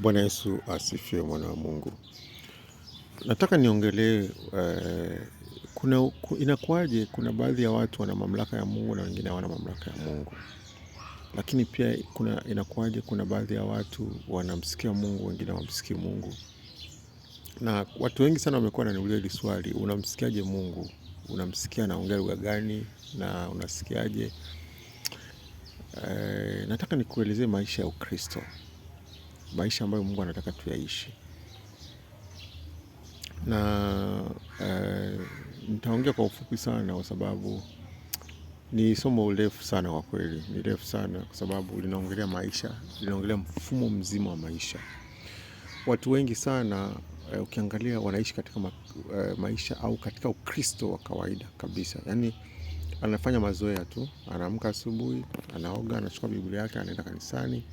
Bwana Yesu asifiwe, mwana wa Mungu. Nataka niongelee eh, kuna inakuwaje, kuna baadhi ya watu wana mamlaka ya Mungu na wengine hawana mamlaka ya Mungu, lakini pia kuna inakuwaje, kuna baadhi ya watu wanamsikia Mungu, wengine hawamsikii Mungu. Na watu wengi sana wamekuwa wananiuliza hili swali, unamsikiaje Mungu? Unamsikia anaongea lugha gani? na unasikiaje? Eh, nataka nikuelezee maisha ya Ukristo maisha ambayo Mungu anataka tuyaishi. Na uh, nitaongea kwa ufupi sana kwa sababu ni somo refu sana kwa kweli, ni refu sana kwa sababu linaongelea maisha, linaongelea mfumo mzima wa maisha. Watu wengi sana uh, ukiangalia wanaishi katika ma, uh, maisha au katika Ukristo wa kawaida kabisa, yaani anafanya mazoea tu, anaamka asubuhi, anaoga, anachukua Biblia yake, anaenda kanisani,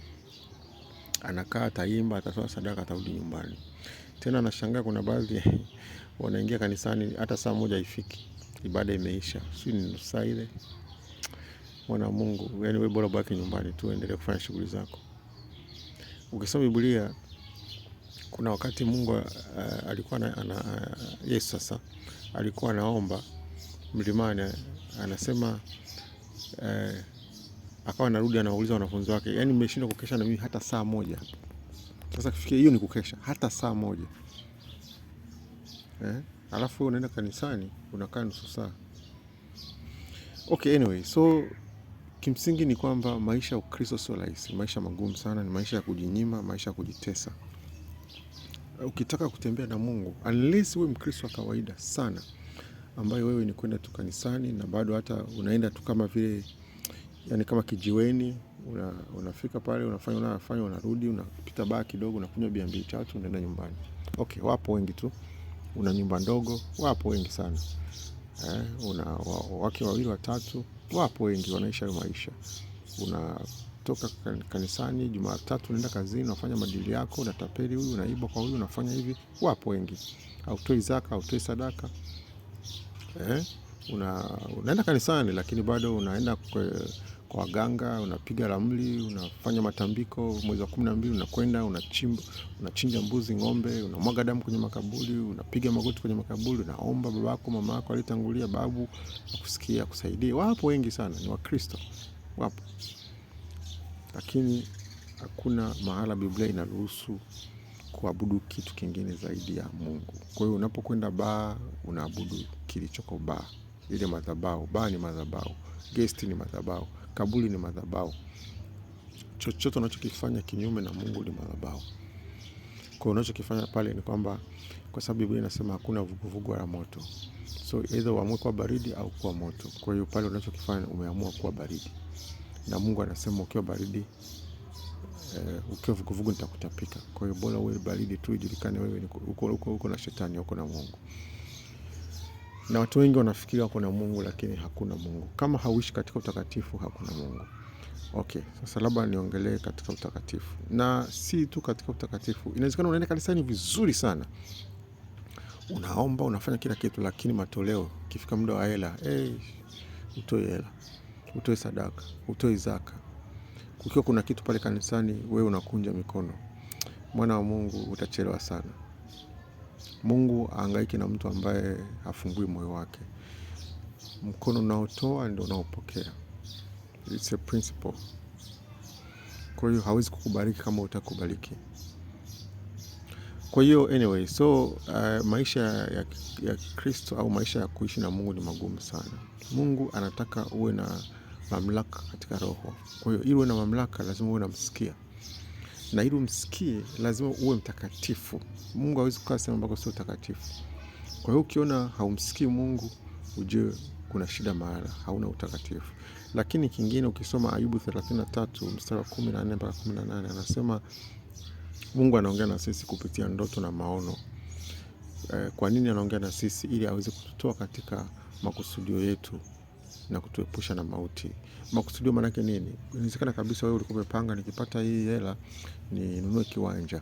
anakaa ataimba, atatoa sadaka, atarudi nyumbani tena. nashangaa kuna baadhi wanaingia kanisani hata saa moja haifiki, ibada imeisha, si ni nusu saa ile. Mwana Mungu, yani wewe bora baki nyumbani tu, endelee kufanya shughuli zako. Ukisoma Biblia kuna wakati Mungu uh, alikuwa na, ana, uh, Yesu sasa alikuwa anaomba mlimani, anasema uh, akawa anarudi anawauliza wanafunzi wake, yani mmeshindwa kukesha na mimi hata saa moja. Sasa kifikia hiyo ni kukesha hata saa moja eh? Alafu unaenda kanisani unakaa nusu saa. Okay, anyway, so kimsingi ni kwamba maisha ya Ukristo sio rahisi, maisha magumu sana, ni maisha ya kujinyima, maisha ya kujitesa. Ukitaka kutembea na Mungu, unless uwe Mkristo wa kawaida sana, ambayo wewe ni kwenda tu kanisani na bado hata unaenda tu kama vile yani kama kijiweni una, unafika pale unafanya unafanya unarudi unapita baa kidogo unakunywa bia mbili tatu unaenda nyumbani. Okay, wapo wengi tu, una nyumba ndogo, wapo wengi sana eh, una wake wawili watatu, wapo wengi wanaisha hayo maisha. Unatoka kanisani Jumatatu unaenda kazini, unafanya madili yako, unatapeli huyu, unaiba kwa huyu, unafanya hivi, wapo wengi. Hautoi zaka, hautoi sadaka eh, una, unaenda kanisani lakini bado unaenda kwe, kwa waganga, unapiga ramli, unafanya matambiko. Mwezi wa kumi na mbili unakwenda unachimba, unachinja mbuzi, ng'ombe, unamwaga damu kwenye makaburi, unapiga magoti kwenye makaburi, unaomba babako, mamako alitangulia, babu akusikia, akusaidie. Wapo wengi sana, ni Wakristo wapo, lakini hakuna mahala Biblia inaruhusu kuabudu kitu kingine zaidi ya Mungu. Kwa hiyo unapokwenda baa, unaabudu kilichoko baa, ile madhabahu. Baa ni madhabahu, gesti ni madhabahu. Kaburi ni madhabahu. Chochote unachokifanya kinyume na Mungu ni madhabahu. Kwa unachokifanya pale ni kwamba, kwa sababu Biblia inasema hakuna vuguvugu wala moto, so either uamue kuwa baridi au kuwa moto. Kwa hiyo pale unachokifanya umeamua kuwa baridi, na Mungu anasema ukiwa baridi Uh, ukiwa vuguvugu nitakutapika. Kwa hiyo bora uwe baridi tu, ijulikane wewe uko, uko uko na shetani, uko na Mungu na watu wengi wanafikiria kuna Mungu lakini hakuna Mungu. Kama hauishi katika utakatifu, hakuna Mungu. Okay, sasa labda niongelee katika utakatifu, na si tu katika utakatifu. Inawezekana unaenda kanisani vizuri sana, unaomba, unafanya kila kitu, lakini matoleo, kifika muda wa hela, hey, eh, utoe hela, utoe sadaka, utoe zaka. Kukiwa kuna kitu pale kanisani, wewe unakunja mikono. Mwana wa Mungu, utachelewa sana. Mungu aangaiki na mtu ambaye hafungui moyo wake. Mkono unaotoa ndio unaopokea. It's a principle. Kwa hiyo hawezi kukubariki kama utakubariki. Kwa hiyo anyway, so uh, maisha ya, ya Kristo au maisha ya kuishi na Mungu ni magumu sana. Mungu anataka uwe na mamlaka katika roho. Kwa hiyo ili uwe na mamlaka lazima uwe na msikia na ili umsikie lazima uwe mtakatifu. Mungu hawezi kukaa sehemu ambako sio takatifu. Kwa hiyo ukiona haumsikii Mungu ujue kuna shida mahala, hauna utakatifu. Lakini kingine ukisoma Ayubu 33 mstari wa 14 mpaka 18 anasema Mungu anaongea na sisi kupitia ndoto na maono. Eh, kwa nini anaongea na sisi? Ili aweze kututoa katika makusudio yetu na kutuepusha na mauti. Makusudio maanake nini? Inawezekana kabisa wewe ulikuwa umepanga, nikipata hii hela ninunue kiwanja.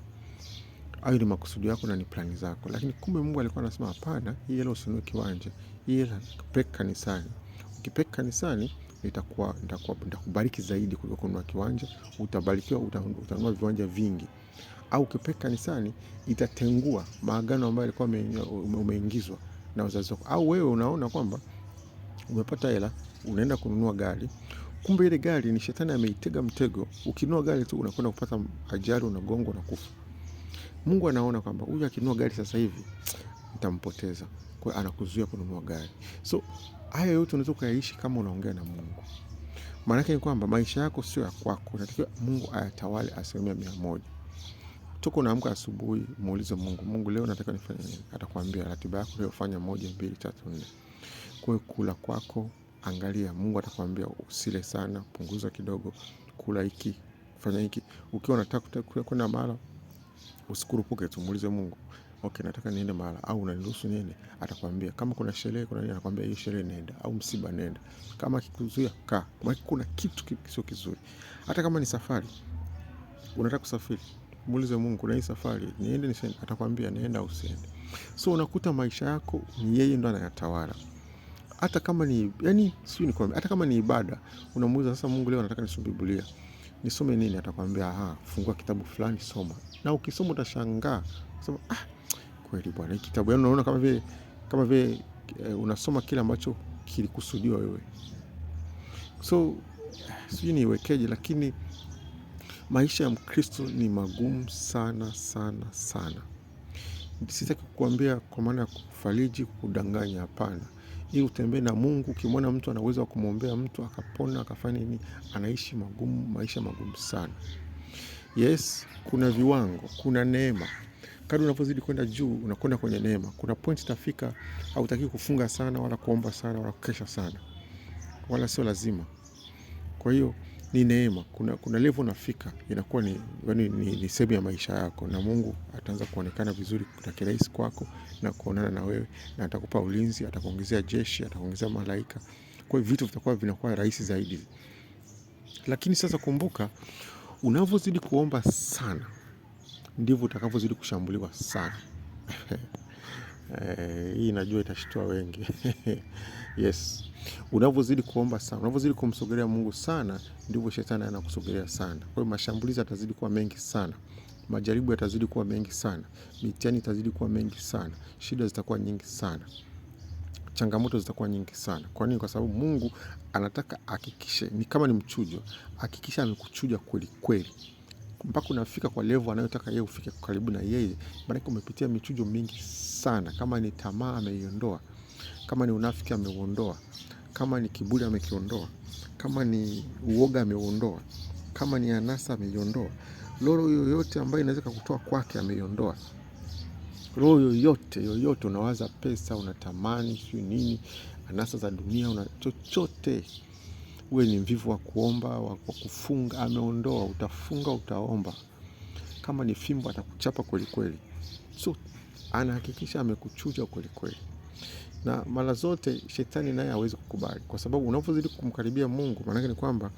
Hayo ni makusudio yako na ni plani zako, lakini kumbe Mungu alikuwa anasema hapana, hii hela usinunue kiwanja, hii hela peleka kanisani. Ukipeleka kanisani nitakuwa nitakubariki zaidi kuliko kununua kiwanja, utabarikiwa, utanunua viwanja vingi. Au ukipeleka kanisani itatengua maagano ambayo alikuwa umeingizwa na wazazi wako. Au wewe unaona kwamba umepata hela, unaenda kununua gari, kumbe ile gari ni shetani ameitega mtego. Ukinunua gari tu unakwenda kupata ajali, unagongwa na kufa. Mungu anaona kwamba huyu akinunua gari sasa hivi nitampoteza, kwa hiyo anakuzuia kununua gari. So haya yote unaweza kuyaishi kama unaongea na Mungu. Maana ni kwamba maisha yako sio ya kwako, unatakiwa Mungu ayatawale asilimia mia moja. Toka unaamka asubuhi, muulize Mungu, Mungu leo nataka nifanye nini? Atakwambia ratiba yako leo, fanya moja, mbili, tatu, nne kuwe kula kwako, angalia, Mungu atakwambia usile sana, punguza kidogo, kula hiki, fanya hiki. Ukiwa unataka kwenda mahala, usikurupuke tu, muulize Mungu, okay, nataka niende mahala au unaniruhusu niende? Atakwambia. Kama kuna sherehe, kuna nini, anakwambia hiyo sherehe nenda, au msiba nenda. Kama akikuzuia ka, maana kuna kitu kisio kizuri. Hata kama ni safari, unataka kusafiri, muulize Mungu, na hii safari niende nisiende? Atakwambia nenda au usiende. So unakuta maisha yako ni yeye ndo anayatawala hata kama ni yani, sio ni kwamba hata kama ni ibada unamuuliza sasa, Mungu leo nataka nisome Biblia, nisome nini? Atakwambia ah, fungua kitabu fulani soma, na ukisoma utashangaa sema ah, kweli bwana, hiki kitabu yani, unaona kama vile kama vile eh, unasoma kile ambacho kilikusudiwa wewe. So sio ni wekeje, lakini maisha ya Mkristo ni magumu sana sana sana. Sitaki kukuambia kwa maana ya kufariji, kudanganya, hapana ili utembee na Mungu. Ukimwona mtu ana uwezo wa kumwombea mtu akapona akafanya nini, anaishi magumu maisha magumu sana. Yes, kuna viwango, kuna neema. Kadri unavyozidi kwenda juu, unakwenda kwenye neema. Kuna point itafika, hautaki kufunga sana wala kuomba sana wala kukesha sana, wala sio lazima. Kwa hiyo ni neema. Kuna, kuna levo unafika inakuwa ni, ni, yaani ni, ni sehemu ya maisha yako, na Mungu ataanza kuonekana vizuri na kirahisi kwako na kuonana na wewe, na atakupa ulinzi, atakuongezea jeshi, atakuongezea malaika. Kwa hiyo vitu vitakuwa vinakuwa rahisi zaidi, lakini sasa kumbuka, unavyozidi kuomba sana ndivyo utakavyozidi kushambuliwa sana. Hii eh, hii najua itashtua wengi. Yes. Unavyozidi kuomba sana, unavyozidi kumsogelea Mungu sana, ndivyo shetani anakusogelea sana. Kwa hiyo mashambulizi yatazidi kuwa mengi sana, majaribu yatazidi kuwa mengi sana, mitihani itazidi kuwa mengi sana, shida zitakuwa nyingi sana, changamoto zitakuwa nyingi sana. Kwa nini? Kwa sababu Mungu anataka hakikishe, ni kama ni mchujo, hakikisha amekuchuja kweli kweli mpaka unafika kwa levo anayotaka yeye ufike karibu na yeye. Maanake umepitia michujo mingi sana. Kama ni tamaa ameiondoa, kama ni unafiki ameuondoa, kama ni kiburi amekiondoa, kama ni uoga ameondoa, kama ni anasa ameiondoa, roho yoyote ambayo inaweza kutoa kwake ameiondoa. Roho yoyote yoyote, unawaza pesa, unatamani sio nini, anasa za dunia, una chochote, uwe ni mvivu wa kuomba, wa kufunga, ameondoa. Utafunga, utaomba, kama ni fimbo atakuchapa kwelikweli. So anahakikisha amekuchuja kwelikweli na mara zote shetani naye hawezi kukubali, kwa sababu unapozidi kumkaribia Mungu, maanake ni kwamba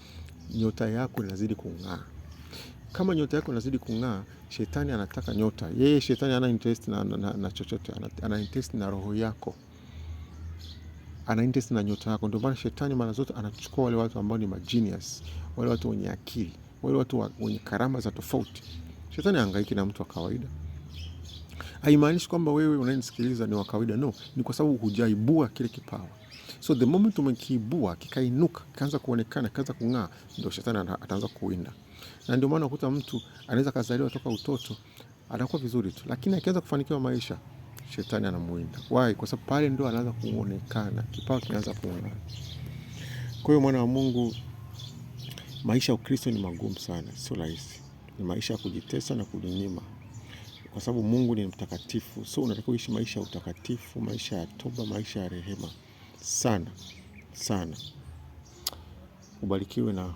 nyota yako inazidi kung'aa. Kama nyota yako inazidi kung'aa, shetani anataka nyota yeye, shetani ana interest na, na, na, na chochote, ana interest na roho yako, ana interest na nyota yako. Ndio maana shetani mara zote anachukua wale watu ambao ni magenius, wale watu wenye akili, wale watu wenye karama za tofauti. Shetani haangaiki na mtu wa kawaida haimaanishi kwamba wewe unanisikiliza ni wa kawaida. No, ni kwa sababu hujaibua kile kipawa. So the moment umekiibua kikainuka, kikaanza kuonekana, kikaanza kung'aa, ndio shetani ataanza kuwinda. Na ndio maana ukuta mtu anaweza kazaliwa toka utoto anakuwa vizuri tu, lakini akianza kufanikiwa maisha shetani anamuinda. Why? Kwa sababu pale ndio anaanza kuonekana, kipawa kinaanza kuonekana. Kwa hiyo mwana wa Mungu, maisha ya Ukristo ni magumu sana, sio rahisi. Ni maisha ya kujitesa na kujinyima kwa sababu Mungu ni mtakatifu. So unatakiwa uishi maisha ya utakatifu, maisha ya toba, maisha ya rehema sana sana. Ubarikiwe na